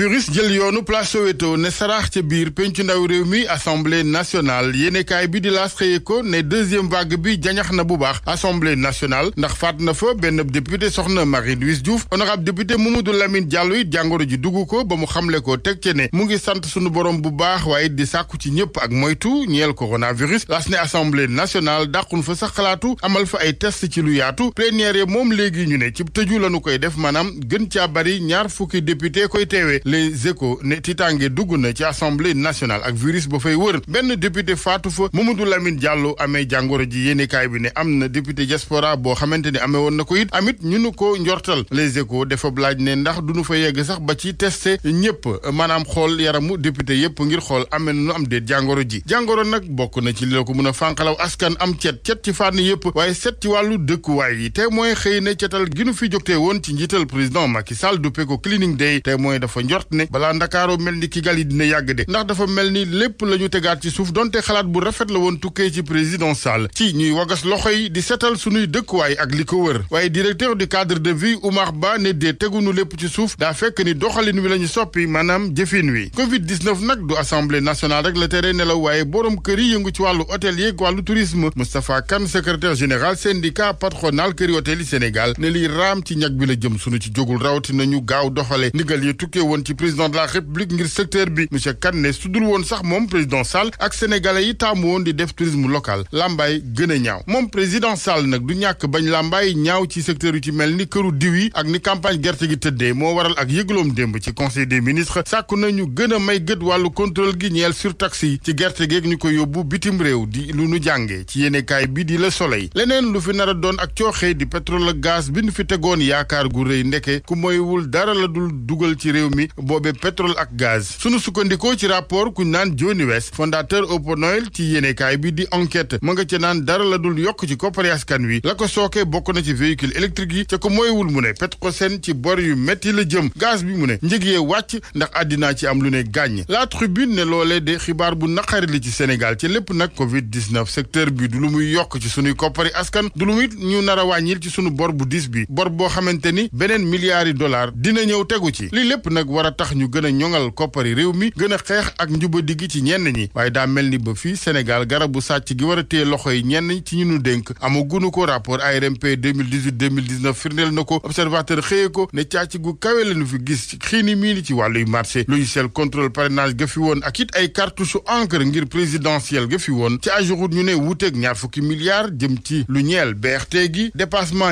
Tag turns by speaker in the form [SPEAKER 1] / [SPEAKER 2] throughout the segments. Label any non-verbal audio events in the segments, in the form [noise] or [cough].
[SPEAKER 1] puriste jël yoonu place Soweto ne saraax ca biir penc ndaw réew mi assemblée nationale yenekaay bi di laas xëye ko ne deuxième vague bi jañax na bu baax assemblée nationale ndax faat na fa benn député soxna Marie Louise Diouf honorable député Mamadou Lamine Diallo it jàngoro ji dugg ko ba mu xamle ko teg ce ne mu ngi sant sunu borom bu baax waaye di sàkku ci ñëpp ak moytu ñeel coronavirus las ne assemblée nationale dàqun fa sax xalaatu amal fa ay test ci lu yaatu moom léegi ñu ne ci tëju lañu koy def maanaam gën caa bari ñaar fukki député koy teewee les échos ne tiitaange dugg na ci assemblée nationale ak virus ba fay wër benn député faatu fa Mamadou Lamine Diallo amee jàngoro ji yéenekaay bi ne am na député diaspora boo xamante ni ame woon na ko it amit ñu nu ko njortal les échos dafa laaj ne ndax du nu fa yegg sax ba ci teste ñëpp maanaam xool yaramu député yëpp ngir xool amee nu am déet jàngoro ji jàngoro nag bokk na ci li ko mën a fànqalaw askan am cet cet ci fànn yëpp waaye set ci wàllu dëkkuwaay yi te mooy xëy na cetal gi nu fi jógtee woon ci njiital président Macky Sall duppee ko njort ne balaa ndakaaroo mel ni Kigali dina yàgg de ndax dafa mel ni lépp la ñu tegaat ci suuf donte xalaat bu rafet la woon tukkee ci président Sall ci ñuy wagas loxo yi di setal suñuy dëkkuwaay ak li ko wër waaye directeur du cadre de vie Oumar Ba ne dee tegunu lépp ci suuf daa fekk ni doxalin wi la ñu soppi maanaam jëfin wi Covid 19 nag du assemblée nationale rek la tere nelaw waaye borom kër yi yëngu ci wàllu hôtel yeeg wàllu tourisme Moustapha Kane secrétaire général syndicat patronal këri hôtel yi Sénégal ne liy raam ci ñag bi la jëm sunu ci jógul rawatina ñu gaaw doxale ndigal woon ci président de la république ngir secteur bi monsieur Kane ne sudul woon sax moom président Sall ak sénégalais yi taamu woon di def tourisme local làmbaay gën a ñaaw moom président Sall nag du ñàkk bañ lambay ñaaw ci secteur yu ci mel ni këru diw yi ak ni campagne gerte gi tëddee moo waral ak yëgaloom démb ci conseil des ministre sàkku nañu gën may gët wàllu contrôle gi ñeel surtaxe yi ci gerte geeg ñu ko yóbbu bitim réew di lu nu jàngee ci yéenekaay bi di Le Soleil leneen lu fi nar a doon ak cooxee di pétrole ak gaz bi nu fi tegoon yaakaar gu rëy ndeke ku moywul dara la dul dugal ci réew mi boobe pétrole ak gaz sunu sukkandikoo ci rapport kuñ naan Johnny West fondateur Open ci yéenekaay bi di enquête ma nga ca naan dara la dul yokk ci koppari askan wi la ko sookee bokk na ci véhicule électrique yi ca ko mooywul mu ne Petrosen ci bor yu metti la jëm gaz bi mu ne njëg yee wàcc ndax àddinaa ci am lu ne gàññ la tribune ne loolee de xibaar bu naqari li ci Sénégal ci lépp nag Covid 19 secteur bi du lu muy yokk ci sunuy koppari askan du lu muy ñu nar a wàññil ci sunu bor bu diis bi bor boo xamante ni beneen milliards yi dollars dina ñëw tegu ci li lépp nag war a tax ñu gën a ñoŋal koppari réew mi gën a xeex ak njubadi gi ci ñenn ñi waaye daa mel ni ba fii Sénégal garabu sàcc gi war a téye loxo yi ñenn ci ñu nu dénk amagunu ko rapport ARMP firndeel na ko observateur xëye ko ne càcc gu kawe fi gis xiini miini ci wàlluy marché logiciel contrôle parrainage ga fi woon ak it ay cartouche encre ngir présidentiel ga fi woon ci ajurut ñu ne wuuteeg ñaar fukki milliards jëm ci lu ñeel BRT gi dépassement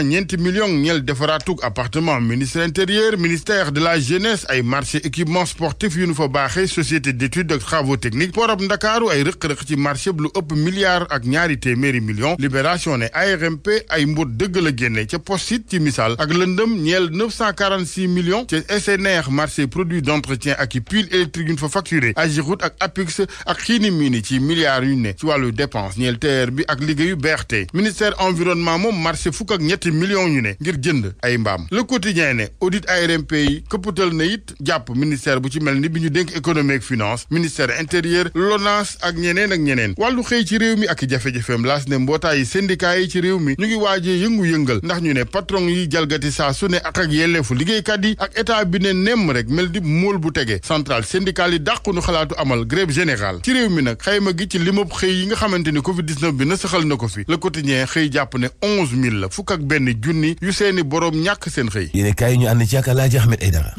[SPEAKER 1] marché équipement sportif yu nu fa baaxee société d'études ak travaux techniques porop ndakaaru ay rëq-rëq ci marché bu lu ëpp milliard ak ñaari téeméeri million libération ne ARMP ay mbóot dëgg la génne ca postit ci misaal ak lëndëm ñeel millions ca SNR marché produit d'entretien ak i pile électrique yu nu fa facturé Agirout ak Apix ak xiini miini ci milliards yu ne ci wàllu dépense ñeel TER bi ak liggéeyu BRT ministère environnement moom ñu ne ngir jënd ay mbaam jàpp ministère bu ci mel ni bi ñu dénk économie ak finance ministère intérieur LONASE ak ñeneen ak ñeneen wàllu xëy ci réew mi ak jafe-jafeem laas ne mbootaayi syndicat yi ci réew mi ñu ngi waajee yëngu-yëngal ndax ñu ne patron yi jalgati saa su ne ak ak yelleefu liggéeykat yi ak état bi ne nemm rek mel di móol bu tege centrale syndicale yi dàqu nu xalaatu amal grève général ci réew mi nag xayma gi ci limab xëy yi nga xamante ni covid 19 bi na saxal na ko fi le quotidien xëy jàpp ne onze mille la fukk ak benn junni yu seeni boroom ñàkk seen xëy yéene kaay ñu ànd ci ak Alaaji Ahmed Aidara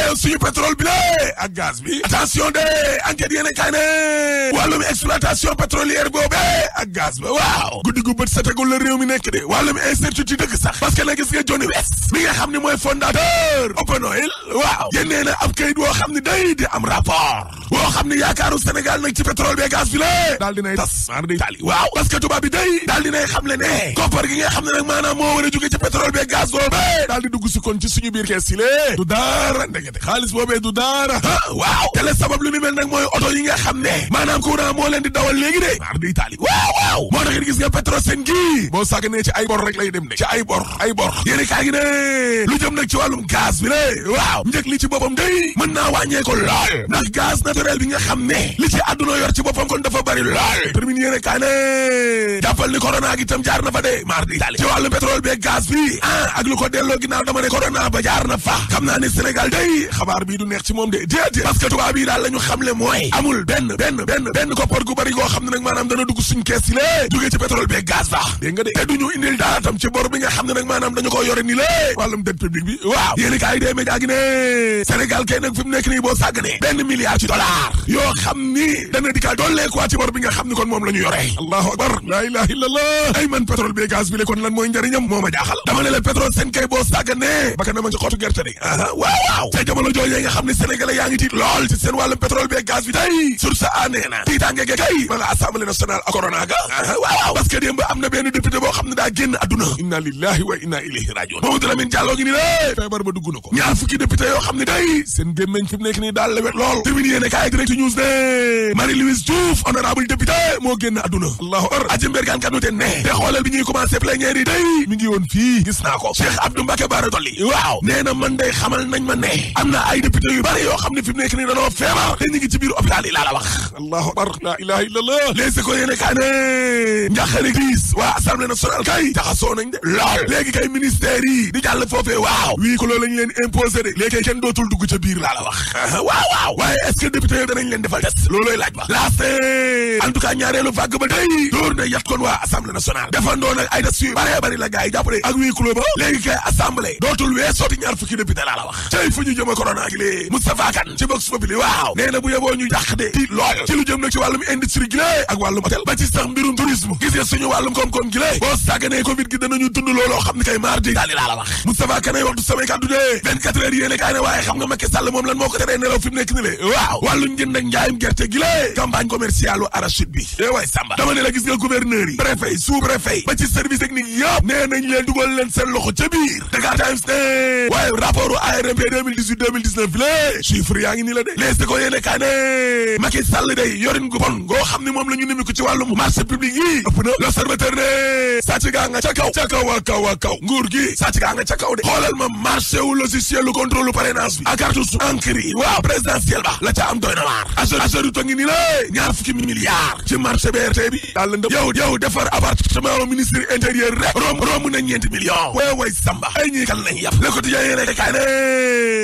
[SPEAKER 2] yow suñu pétrole bi lé ak gaz bi attention de enquête yéen a kaay ne wàllum exploitation pétrolière boobe ak gaz ba waaw guddi gu bët setagul la réew mi nekk de wàllum incertitude dëgg sax parce que nag gis nga Johnny West mi nga xam ne mooy fondateur Open Oil waaw yénnee na ab kayit woo xam ne day di am rapport woo xam ne yaakaaru Sénégal nag ci pétrole bee gaz bi la daal dinay tas maar day tali waaw parce que tubaab bi day daal dinay xam le ne koppar gi nga xam ne nag maanaam moo war a jóge ci pétrole bee gaz boobe daal di dugg si kon ci suñu biir kees yi lée du dara ndege de xaalis boobee du dara waaw te sabab lu ni mel nag mooy oto yi nga xam ne maanaam courant moo leen di dawal léegi de mar di Italie waaw waaw moo tax it gis nga Petrosen gi boo sàgganee ci ay bor rek lay dem de ci ay bor ay bor yéeni kaa gi ne lu jëm nag ci wàllum gaz bi de waaw njëg ci boppam day mën naa wàññee ko lool ndax gaz naturel bi nga xam ne li ci àdduna yor ci boppam kon dafa bari lool termine yéene kaa ne jàppal ni corona gi tam jaar na fa de mar di Italie ci wàllum pétrole bi ah, day xabaar bii du neex ci moom de déedéet parce que tubaab yi daal la xamle mooy amul benn benn benn benn koppar gu bëri xam ne nag maanaam dana dugg suñ kees yi lée ci pétrole bi gaz baax dégg de te duñu indil dara tam ci bor bi xam ne nag maanaam dañu ko yore ni lé wàllum dette publique bi waaw yéeni kaay dee média gi ne Sénégal kay fi mu nekk nii boo sàgganee benn milliard ci dollar yoo xam ni dana dikkaat doollee quoi ci bor bi xam ni kon moom la ñu yore allahu akbar laa ilaha illallah ay ca jamono jooju nga wa honorable député moo génn adduna allahu ar aji mbeer gaan kan te te xoolal bi ñuy commencé plénière yi mi ngi fii gis naa ko Cheikh Abdou waaw nee na xamal nañ ma am na ay député yu bëri yoo xam ne fi mu nekk nii dañoo feebar te ñu ngi ci biir hôpital yi laa la wax allahu la ilaha illallah les ko yéene kaa ne njaqari diis waa assemblée nationale kay jaxasoo nañ de lool léegi kay ministère yi di jàll foofee waaw dugg ca biir la wax uh-huh. [laughs] waaw waaw waaye est-ce que député yi danañ leen defal test laaj ba laast en tout cas ñaareelu vague ba day dóor na yat koon waa assemblée nationale defandoo nag ay des yu bëree bëri la gars yi jàppale ak wii kulo ba kay assemblée jëm a corona ak lii Moustapha ci box populi waaw nee bu yeboo ñu jàq de ti lool ci lu jëm nag ci wàllum industrie gi lée ak wàllum hôtel ba ci sax mbirum tourisme gis nga suñu wàllum koom-koom gi lée boo sàgganee covid gi danañu dund looloo xam ne kay maar di daal di waxtu samay kàddu dee vingt-quatre heures ne waaye xam nga Macky Sall moom lan moo ko teree nelaw fi nekk ni le waaw wàllum njënd ak njaayum gerte gi lée campagne commerciale arachide bi dama ne 2018 2019 lée chiffre yaa ngi nii la de les ko yéene kaa ne Macky Sall day yorin gu bon ngoo xam ne moom la ñu nimi ko ci wàllum marché public yi ëpp na l'observateur ne sàcc gaa nga ca kaw ca kaw a kaw a kaw nguur gi sàcc gaa nga ca kaw de xoolal ma marché wu logiciel lu contrôle parrainage bi ak carte encre yi waaw ba la ca doy na waar ageri to ngi nii la ñaar fukki milliards ci marché BRT bi daal la yow yow defar appartement ministre intérieur rek romb romb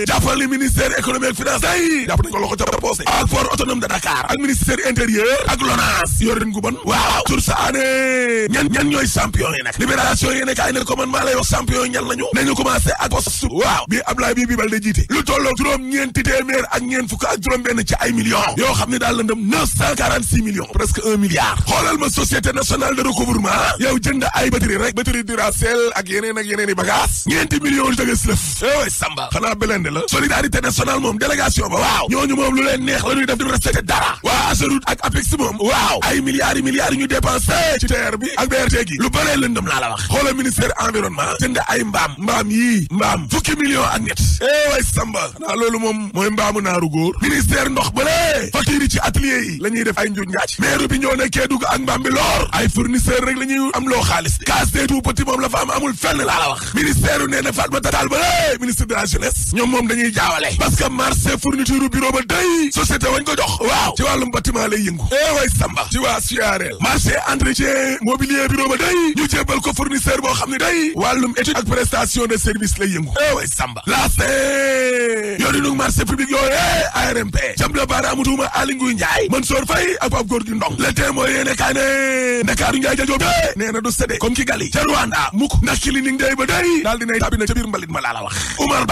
[SPEAKER 2] na jàppal ni ministère économie ak finance day jàpp nañ ko ak port autonome de Dakar ak ministère intérieur ak LONASE yorin gu bon waaw tur sa ané ñan ñooy champion yi nag libération yi nekk ay ne commande champion yi ñan nañu commencé ak poste waaw bi Ablaye bi bi bal jiite lu tolloo juróom ñeenti téeméer ak ñeen fukk ak juróom benn ci ay millions yoo xam ne daal la ndëm neuf cent quarante six millions presque un milliard xoolal ma société nationale de recouvrement i bagage ñeenti solidarité nationale moom délégation ba waaw ñooñu moom lu leen neex la ñuy def duñu respecté dara waa AGEROUTE ak APEX moom waaw ay milliards yi milliards yi ñu dépensé ci TER bi ak BRT gi lu bëree lëndëm laa la wax xoolal ministère environnement jënd ay mbaam mbaam yii mbaam fukki millions ak ñett eh way samba naa loolu moom mooy mbaamu naaru góor ministère ndox bële factures ci atelier yi la ñuy def ay njuñ njaaj maire bi ñoo nekkee dugg ak mbaam bi loor ay fournisseur rek la la fa am amul fenn laa la wax ministère yu ñuy jaawale parce que fourniture bureau ba day société wañ ko jox waaw ci wàllum bâtiment lay yëngu eh way samba ci waa suyaareel marché entretien mobilier bureau ba day ñu jébbal ko fournisseur boo xam ni day wàllum étude ak prestation de service lay yëngu eh way samba laas yoonu nu marché public yooyu eh, ARMP jam la baaraamu tuuma Aly Ngouille Ndiaye Mansour Faye ak Pape Gorgui Ndong le témoin yéene kaa ne Ndakaaru Ndiaye jajoo bé eh, na du sédé comme ki gali ca Rwanda mukk ndax clinique ma la wax Oumar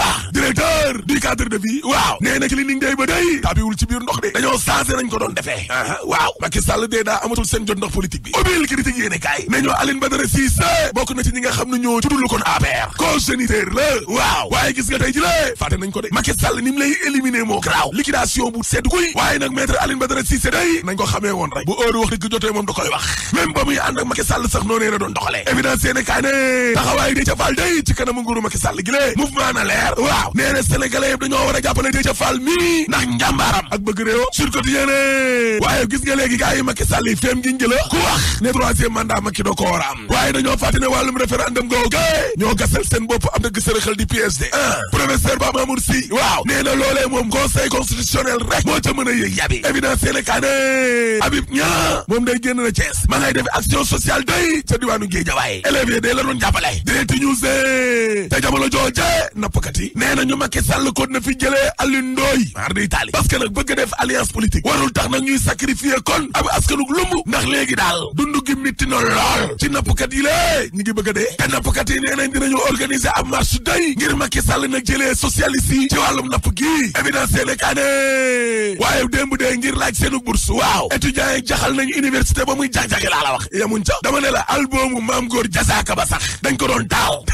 [SPEAKER 2] heure du cadre de vie waaw nee na clinique day ba day tabiwul ci biir ndox de dañoo changé nañ ko doon defee aa waaw Macky Sall dee daa amatul seen jot ndox politique bi obile critique yéene kaay nañoo Aline Badara Cissé bokk na ci ñi nga xam ne ñoo judul kon APR congéniteur la waaw waaye gis nga tey ji lee fàtte nañ ko de Macky Sall ni lay éliminer moo graaw liquidation bu sedd kuy waaye nag maître Aline Badara Cissé day nañ ko xamee woon sénégalais yëpp dañoo war a jàppale Déthié Fall mii ndax njàmbaaram ak bëgg réew sur quotidien waaye gis nga léegi gars a loolee moom conseil constitutionnel rek a moom day génn na Thiès ma ngay def action sociale day ca diwaanu Guédiawaye a yi day la doon jàppale direct news te jamono jooje nappkat yi nee na ñu Macky Sall kon na fi jëlee Alioune Ndoye mar di taali parce que nag bëgg def alliance politique warul tax nag ñuy sacrifier kon ab askanug lumb ndax léegi daal dund gi mitti na lool ci nappkat yi lée ñu ngi bëgg a dee te nappkat yi nee nañ dinañu organiser ab marche day ngir Macky Sall nag jëlee socialiste yi ci wàllum napp gi évidence ne kaane waaye démb dee ngir laaj seenu bourse waaw étudiants yi jaxal nañ université ba muy jax-jaxe laa la wax yamuñ ca dama ne la albumu maam góor jasaaka ba sax dañ ko doon taaw [laughs]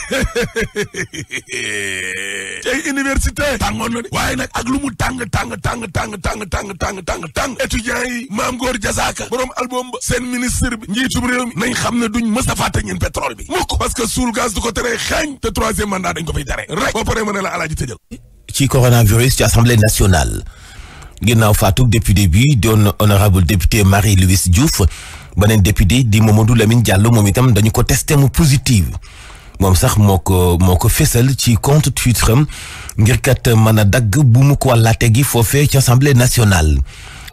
[SPEAKER 2] université tàngoon na de waaye nag ak lu mu tàng tàng tàng tàng tàng tàng tàng tàng tàng étudiants yi maam góor jasaaka borom album ba seen ministre bi njiitum réew mi nañ xam ne duñ mës a fàtte ñun pétrole bi mukk parce que suul gaz du ko teree xeeñ te troisième mandat dañ ko fiy tere rek boo paree mën a la alaaji tëjal
[SPEAKER 3] ci coronavirus ci assemblée nationale ginnaaw faatug député bi doon honorable député Marie-Louise Diouf beneen député di Mamadou Lamine Diallo moom itam dañu ko testé mu positive moom sax moo ko moo ko fésal ci compte Twitter am ngir kat mën a dagg bu mu ko wàllaate gi foofee ci assemblée nationale.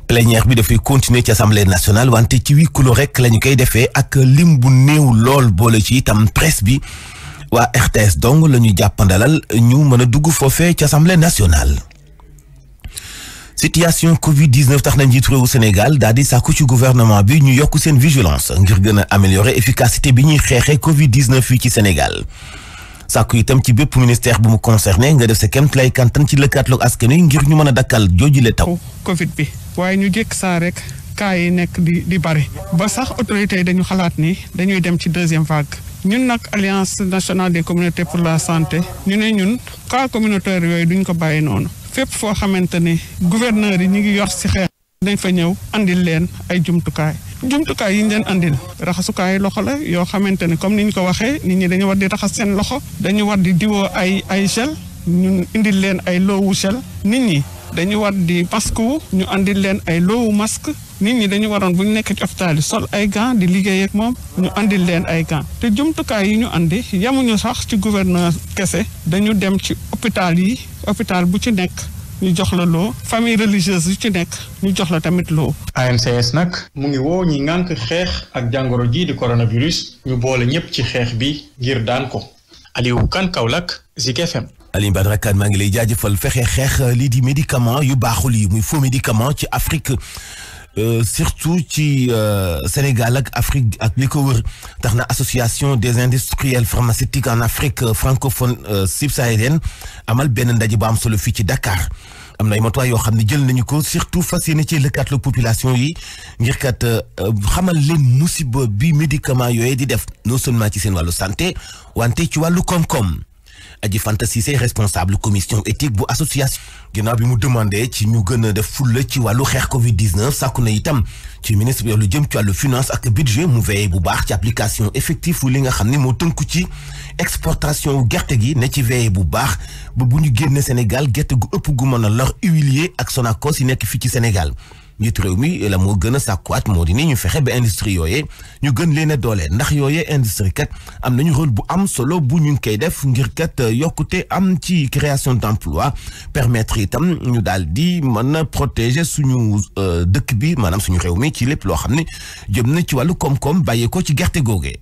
[SPEAKER 3] plénière bi dafay continuer ci assemblée nationale wante ci huis clos rek la ñu koy defee ak lim bu néew lool boole ci itam presse bi waa RTS donc la ñu jàppandalal ñu mën a dugg foofee ci assemblée nationale. situation Covid 19 tax na njiitu réewu Sénégal daal di sàkku ci gouvernement bi ñu yokk seen vigilance ngir gën a améliorer bi ñuy xeexee Covid 19 fii ci Sénégal. sàkku itam ci bépp ministère bu mu concerné nga def sa kemt lay kantan ci lëkkaatloog askan wi ngir ñu mën a dakkal jooju taw.
[SPEAKER 4] Covid bi waaye ñu jékki saa rek cas yi nekk di di bari ba sax autorités dañu xalaat ni dañuy dem ci deuxième vague. ñun nag alliance nationale des communautés pour la santé ñu ne ñun cas communautaire yooyu duñ ko bàyyi noonu. fépp foo xamante ne gouverneur yi ñu ngi yor si xeex dañ fa ñëw andil leen ay jumtukaay jumtukaay yi ñu leen andil raxasukaay loxo la yoo xamante ne comme ni ñu ko waxee nit ñi dañu war di raxas seen loxo dañu war di diwoo ay ay gel ñun indil leen ay lowu gel nit ñi dañu war di masque wu ñu andil leen ay loowu masque nit ñi dañu waroon bu ñu nekk ci hôpital yi sol ay gants di liggéey ak moom ñu andil leen ay gants te jumtukaay yi ñu andi yemuñu sax ci gouverneur kese dañu dem ci hôpital yi hôpital bu ci nekk ñu jox la loo famille religieuse yu ci nekk ñu jox la tamit loo. ANCS nag mu ngi woo ñi ngànk xeex ak jàngoro jii di coronavirus ñu boole ñépp ci xeex bi ngir daan ko Aliou Kane Kaolack Zik FM. Alioune Badara Kane maa ngi lay jaajëfal fexe
[SPEAKER 3] xeex lii di médicament yu baaxul yi muy faux médicament ci Afrique. Euh, surtout ci euh, Sénégal ak Afrique ak li ko wër tax na association des industriels pharmaceutiques en Afrique euh, francophone subsahélienne amal benn ndaje bu am solo fii ci Dakar am na ay matuwaay yoo xam ne jël nañu ko surtout fas yéene ci lëkkaatlu population yi ngir kat xamal leen musiba bi médicament yooyu di def non seulement ci seen wàllu sante wante ci wàllu koom-koom. Adji Fanta say responsable commission éthique bu association ginnaaw bi mu demandee ci ñu gën def fulla ci wàllu xeex covid 19 sàkku na itam ci ministre bi lu jëm ci wàllu finance ak budget mu veillé bu baax ci application effective li nga xam ne moo tënku ci exportation gerte gi ne ci veillé bu baax ba bu ñu génnee Sénégal gerte gu ëpp gu mën a lor huilier ak Sonacos si nekk fii ci Sénégal njiitu réew mi la moo gën a sàkkuwaat moo di ñu fexe ba industrie yooyee ñu gën leen a doole ndax yooyee industrie kat am nañu rôle bu am solo bu ñu ngi koy def ngir kat yokkute am ci création d'emploi permettre tam ñu daal di mën a protéger suñu euh, dëkk bi maanaam suñu réew mi ci lépp loo xam ne jëm na ci wàllu koom-koom bàyyee ko ci gerte googee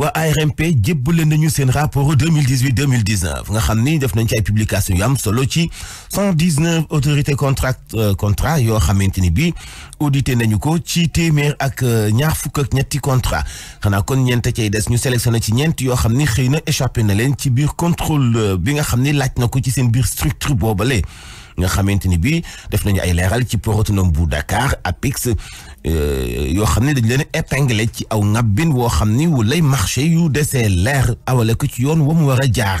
[SPEAKER 3] waa ARMP jébbale nañu seen rapport 2018 2019 nga xam ni def nañ ci ay publication yu am solo ci 119 autorités contract euh, contrat yoo xamante ni bi audité nañu ko ci téeméer ak euh, ñaar fukk ñetti contrat xanaa kon ñeent cay des ñu sélectionné ci ñeent yoo xam ni xëy na échappé na leen ci biir contrôle euh, bi nga xam ni laaj na ko ci seen biir structure boobale nga xamante ni bii def nañu ay leeral ci port autonome bu Dakar APIX Euh, yoo xam ne dañ leen épinglé ci aw ŋabbin woo xam ni wu lay marché yu desee leer awale ko ci yoon wa mu war a jaar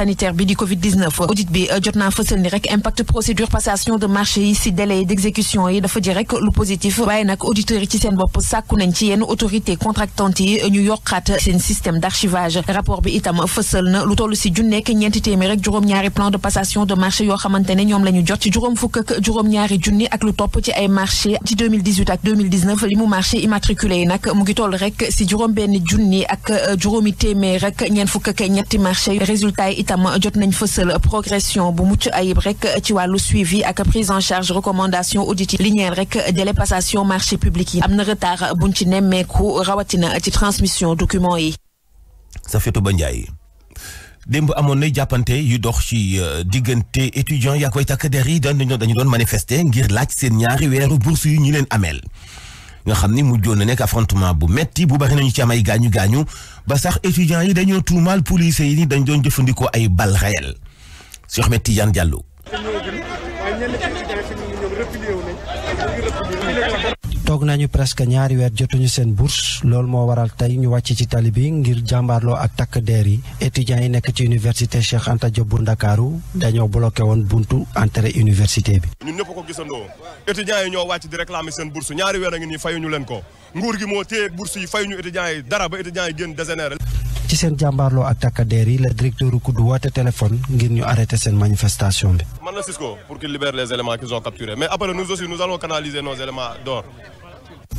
[SPEAKER 5] sanitaire bi di Covid 19 audit bi euh, jot naa fësal ni rek impact procédure passation de marché yi si délai d'exécution yi dafa ji rek lu positif waaye nag auditeurs yi ci seen bopp sàkku nañ ci yenn autorité contractante yi ñu yokkaat seen système d'archivage rapport bi itam fësal na lu toll si junneek ñeenti téeméer rek juróom-ñaari plan de passation de marché yoo xamante ñoom la ñu jot ci juróom fukk juróom-ñaari junni ak lu topp ci ay marché itam jot nañ fësal progression bu mucc ayib rek ci wàllu suivi ak prise en charge recommandation audit li ñeel rek dépassation marché public yi am na bu buñ ci nemmeeku rawatina ci transmission document yi.
[SPEAKER 3] sa Safetou Ba Ndiaye démb amoon nay jàppante yu dox ci euh, diggante étudiants yaa koy takk der yi dañu doon manifester ngir laaj seen ñaari weeru bourse yu ñu leen ameel. nga xam ni mujjoon na nekk affrontement bu metti bu bari nañu ci am ay gaañu gaañu ba sax étudiants yi dañoo tuumaal police yi ni dañ doon jëfandikoo ay balles réelles Cheikh Ahmed Tidiane
[SPEAKER 6] Diallo toog nañu presque ñaari weer jotuñu seen bourse loolu moo waral tey ñu wàcc ci tali bi ngir jàmbaarloo ak takk deer yi étudiants yi nekk ci université Cheikh Anta Diop bu Ndakaaru dañoo bloqué woon buntu entrée université bi.
[SPEAKER 3] ñun ñëpp ko gisandoo étudiants yi ñoo wàcc di réclamer seen bourse ñaari weer a ngi nii fayuñu leen ko nguur gi moo téye bourse yi fayuñu étudiants yi dara ba étudiants yi génn dégénéré.
[SPEAKER 6] ci seen jàmbaarloo ak takkadeer yi la directeur kudd woote téléphone ngir ñu arrêté seen manifestation bi.
[SPEAKER 3] man na Cisco pour qu'il libère les éléments qu'ils ont capturés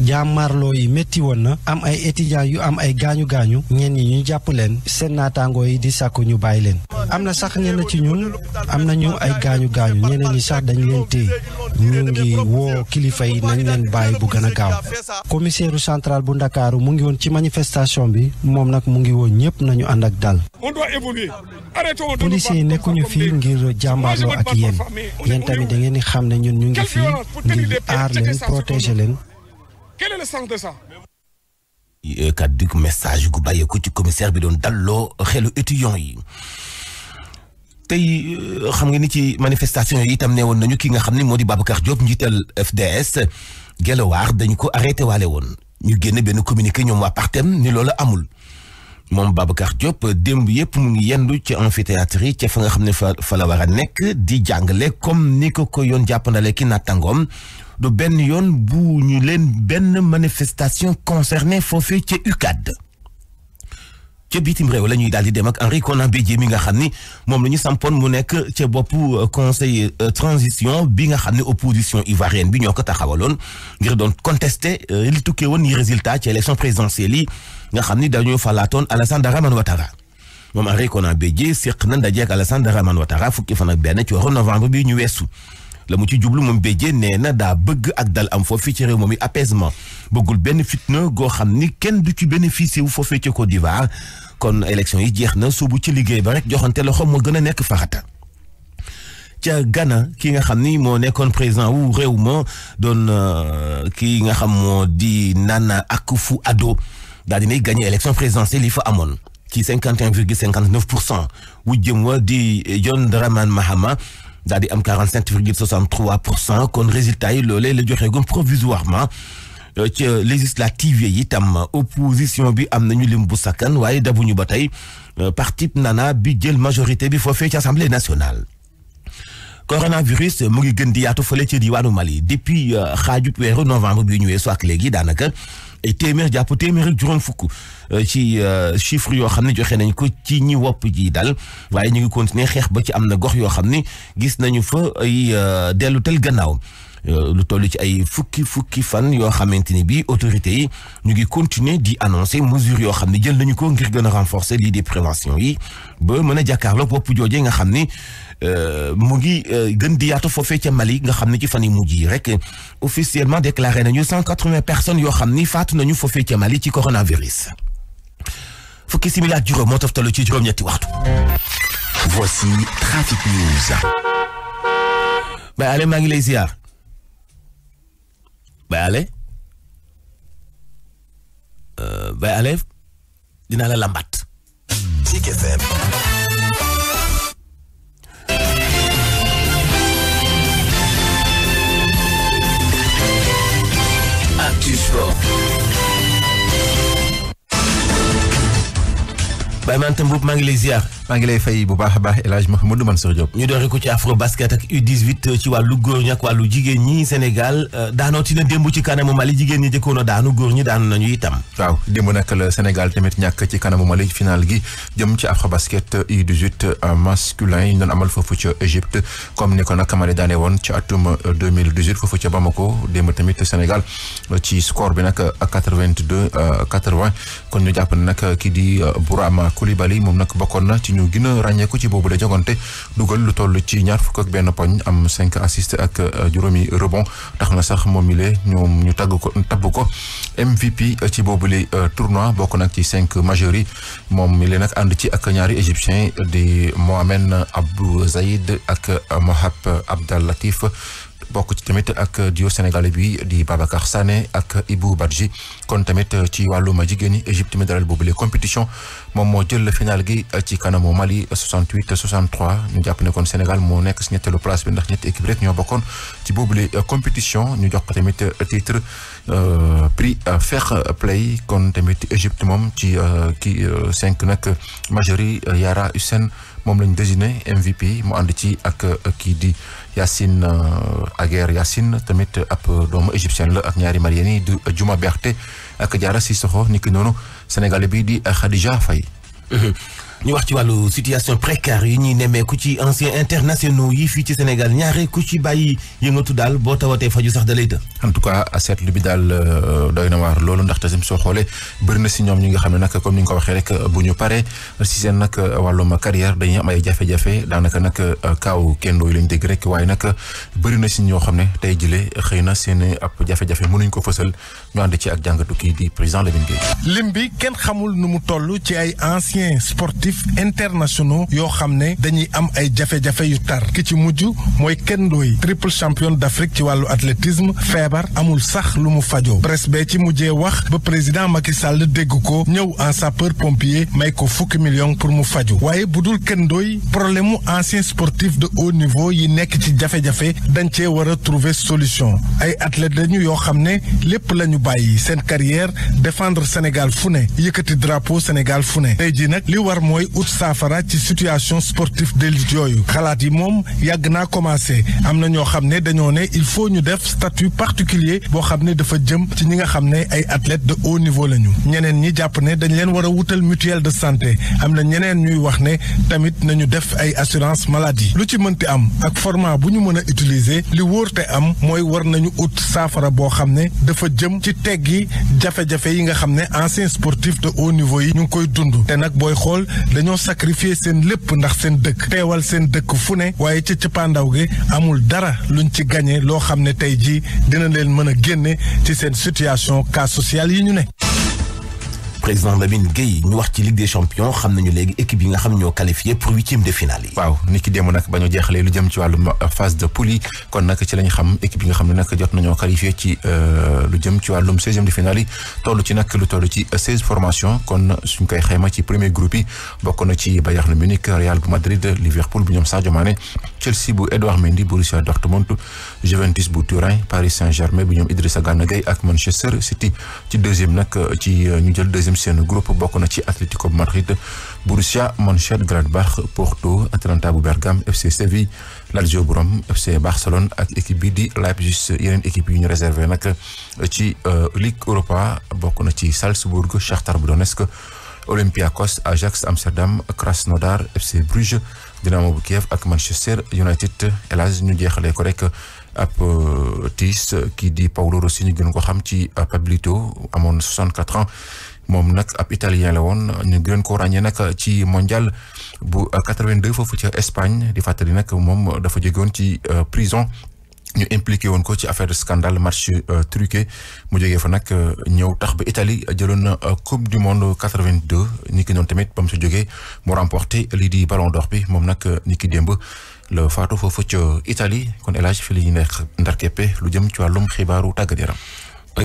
[SPEAKER 6] jàmmarloo yi métti woon na am ay étudiants yu am ay gaañu gaañu ñenn yi ñu jàpp leen seen naataangoo yi di sàkku ñu bàyyi leen. am na sax ñenn ci ñun am nañu ay gaañu gaañu ñeneen yi sax dañu leen téye ñu ngi woo kilifa yi nañ leen bàyyi bu gën a gaaw. commissaire central bu Ndakaaru mu ngi woon ci manifestation bi moom nag mu ngi woon ñëpp nañu ànd ak dal. policiers yi nekkuñu fii ngir jàmbaarloo ak yéen yéen tamit da ngeen di xam ne ñun ñu ngi fii ngir aar
[SPEAKER 3] leen.
[SPEAKER 4] quel est le sens
[SPEAKER 3] euh, message gu bàyyeeku ci commissaire bi doon dalloo xelu étudiants yi. tey euh, xam nga ni ci manifestation yi itam ne woon nañu kii nga xam ni moo di Babacar Diop njiital FDS Gelawaar dañ ko arrêté waale woon ñu génne benn communiqué ñoom waa Partem ni loolu amul moom Babacar Diop démb yëpp mu ngi yendu ci amphithéâtre yi ca fa nga xam ne fa fa la war a nekk di jàngale comme ni ko ko yoon jàppandale ki nattangoom du benn yoon bu ñu leen benn manifestation concernée foofee ca UCAD ca bitim réew la ñuy daal di dem ak Henri Konan Bédié mi nga xam ni moom la ñu sampoon mu nekk ca boppu euh, conseil euh, transition bi nga xam ne opposition ivoirienne bi ñoo ko taxawaloon ngir doon contester euh, li tukkee woon yi résultat ci élection présidentielle yi nga xam ni dañoo falaatoon Alassane Dramane Ouattara moom Henri Konan Bédié séq na ndaje ak Alassane Dramane Ouattara fukki fan ak benn ci weeru novembre bi ñu weesu la mu ci jublu moom béjjee nee na daa bëgg ak dal am foofu ci réew moom it apaisement bëggul benn fitna goo xam ni kenn du ci bénéficié wu foofee ca di d'Ivoire kon élection yi jeex na suubu ci liggéey ba rek joxante loxo moo gën a nekk faxata ca Ghana ki nga xam ni moo nekkoon président wu réew ma doon euh, ki nga xam moo di Nana Akufo-Addo daal dinay gagné élection présidentielle yi fa amoon ci cinquante et un virgule pour cent wu jëm wa di John Dramani Mahama daal di am 45 virgule 63 pour cent kon résultat yi loolee la joxe gum provisoirement euh, ci législative yi itam opposition bi am nañu lim bu sakkan waaye dabuñu ba tey euh, parti nana bi jël majorité bi foofee ci assemblée nationale. coronavirus mu ngi gën di yaatu fële ci diwaanu Mali depuis euh, xaaju weeru novembre bi ñu weesu ak léegi daanaka. ay eh, téeméer jàpp téeméer ak juróom fukk eh, ci eh, chiffre yoo xam ne joxe nañ ko ci ñi wopp ji daal waaye ñu ngi continuer xeex ba ci am na gox yoo xam ne gis nañu fa ay dellu tel gannaaw Euh, lu toll ci ay fukki fukki fan yoo xamante ni bi autorités yi ñu ngi continuer di annoncer mesures yoo xam ne jël nañu ko ngir gën renforcer lii di prévention yi ba mën a jàkkaarloo bopp jooje nga xam ni euh, mu ngi euh, gën di yaatu foofee ca Mali nga xam ne ci fan yi mujj ji rek officiellement déclaré nañu cent quatre-vingts personnes yoo xam ni faatu nañu foofee ca Mali ci coronavirus fukki simili ak juróom moo toftalu ci juróom-ñetti waxtu. Voici Trafic News. Ba ale maa ngi lay ziar. bay ale bay euh, ale dinaa la lambat Zik FM
[SPEAKER 2] Actu Sport
[SPEAKER 7] Baye Mante Mboup maa ngi lay ziar maa ngi lay fay bu baax a baax El Hadj Mouhamadou Mansour Diop ñu doore ko ci
[SPEAKER 3] afro basket ak U18 ci wàllu góor ñi ak wàllu jigéen ñi Sénégal euh, daanooti na démb ci kanamu
[SPEAKER 7] Mali jigéen ñi jëkkoon a daanu góor ñi daanu nañu itam waaw démb nag la Sénégal tamit ñàkk ci kanamu Mali final gi jëm ci afro basket U18 euh, masculin yi ñu doon amal foofu ca Égypte comme ni ko nag Mali daane woon ci atum 2018 euh, foofu ca Bamako démb tamit Sénégal ci score bi nag 82 80 kon ñu jàpp ne kii di Bourama Koulibaly moom nag bokkoon na ñu gën ràññeeku ci boobu la jogante dugal lu toll ci ñaar fukk ak benn poñ am cinq assist ak euh, juróomi rebond tax na sax moom ile ñoom ñu tagg ko tabb ko MVP euh, ci boobu li euh, tournoi bokk nag ci cinq majeurs moom mi nag ànd ci ak ñaari égyptien di Mohamed Abou Zaïd ak Mohab Abdal Latif bokk ci tamit ak dio sénégalais bi di Babacar Sané ak Ibou Badji kon tamit ci wàllum jigéen ñi Égypte mi dalal lee compétition moom moo jël finaal gi ci kanamu Mali 68 63 ñu jàpp ne kon Sénégal moo nekk si ñetteelu place bi ndax ñetti équipe rek ñoo bokkoon ci boobule compétition ñu jox ko tamit titre euh, prix euh, fair play kon tamit Égypte moom ci euh, kii cinq nag majori Yara Hussein moom lañ désigné MVP mu ànd ci ak kii di. Yacine euh, Aguer Yacine tamit ab doomu égyptien la ak ñaari malien yi du Juma Berté ak Diarra Sissoko niki noonu sénégalais bi di Khadija Faye mmh. ñu wax ci wàllu situation précaire yi ñuy nemmeeku ci anciens internationaux yi fii ci Sénégal ñaare ci bàyyi yëngatu daal boo tawatee faju sax da lay të. en tout cas seetlu bi daal euh, doy na waar loolu ndax tamit soo xoolee bëri si ñoom ñi nga xam ne nag comme ni nga ko waxee rek bu ñu paree si seen nag wàllum carrière dañuy am ay jafe-jafe daanaka nag euh, kaaw kendo yi lañ dégg rek waaye nag bëri na si ñoo xam ne tey jile xëy na seen ab jafe-jafe mënuñ ko fësal ñu ànd ci ak jàngatu kii
[SPEAKER 4] bi kenn xamul nu mu sportifs internationaux yoo xam ne dañuy am ay jafe-jafe yu tar ki ci mujj mooy Ken Ndoye triple championne d'Afrique ci wàllu athlétisme feebar amul sax lu mu fajoo presse bee ci mujjee wax ba président Macky Sall dégg ko ñëw en sapeur pompier may ko fukki million pour mu faju waaye bu dul kenn Ndoye problème mu ancien sportif de haut niveau yi nekk ci jafe-jafe dañ cee war a trouver solution ay athlètes lañu yoo xam ne lépp lañu bàyyi seen carrière défendre Sénégal fu ne yëkkati drapeau Sénégal mooy ut saafara ci situation sportive d'élite yooyu xalaat yi moom yàgg naa commencé am na ñoo xam ne dañoo ne il faut ñu def statut particulier boo xam ne dafa jëm ci ñi nga xam ne ay atlete de haut niveau lañu ñeneen ñi jàpp ne dañu leen war a wutal mutuelle de santé am na ñeneen ñuy wax ne tamit nañu def ay assurance maladie lu ci mënti am ak format bu ñu mën a utiliser li wóor te am mooy war nañu ut saafara boo xam ne dafa jëm ci teggi jafe-jafe yi nga xam ne anciens sportifs de niveau yi ñu ngi koy dund te nag booy xool dañoo sacrifier seen lépp ndax seen dëkk teewal seen dëkk fu ne waaye ca cëppaandaw gi amul dara luñ ci gañe loo xam ne tey jii dina leen mën a génne ci seen situation cas sociale yi ñu ne
[SPEAKER 3] président Lamine Gueye ñu wax ci Ligue des
[SPEAKER 7] champions xam nañu léegi équipe yi nga xam ñoo qualifié pour huitième de finale yi waaw ni ki démb nag ba ñu jeexalee lu jëm ci wàllu euh, phase de poule yi kon nag ci lañ xam équipe nga xam ne nag jot nañoo qualifié ci euh, lu jëm ci wàllum seizième de finale yi toll ci nag lu toll ci euh, seize formation kon suñ koy xayma ci premier groupe yi bokk na ci Bayern Munich Real Madrid Liverpool bu ñoom Sadio Mané Chelsea bu Edouard Mendy Borussia Dortmund Juventus bu Turin Paris Saint-Germain bu ñoom Idrissa Gana Gueye ak Manchester City ci deuxième nag euh, ci euh, ñu jël deuxième seen groupe bokk na ci Atlético Madrid Borussia Mönchengladbach Porto Atalanta bu Bergame FC Séville Lazio bu Rome FC Barcelone ak équipe bi di Leipzig yeneen équipe yu ñu réservé nag euh, ci Ligue Europa bokk na ci Salzbourg Shakhtar bu Donetsk Olympiakos Ajax Amsterdam Krasnodar FC Bruges Dinamo bu Kiev ak Manchester United elage ñu jeexalee ko rek ab euh, tiis euh, kii di Paolo Rossi ñu gën ko xam ci euh, Pablito amoon 64 ans moom nag ab italien la woon ñu gën ko ràññee nag ci mondiale bu 82 foofu ci Espagne di fàttali nag moom dafa jóge woon ci prison. ñu impliqué woon ko ci affaire scandale marché euh, truqué mu jógee fa nag euh, ñëw tax ba Italie jëloon na euh, coupe du monde 82 ñi ki noonu tamit ba mu si jógee mu remporté lii di ballon d'or bi moom nag ñi ki démb la faatu foofu ca Italie kon El Hadj fi li ñu nekk ndarkeppe lu jëm ci wàllum xibaaru tàggat yaram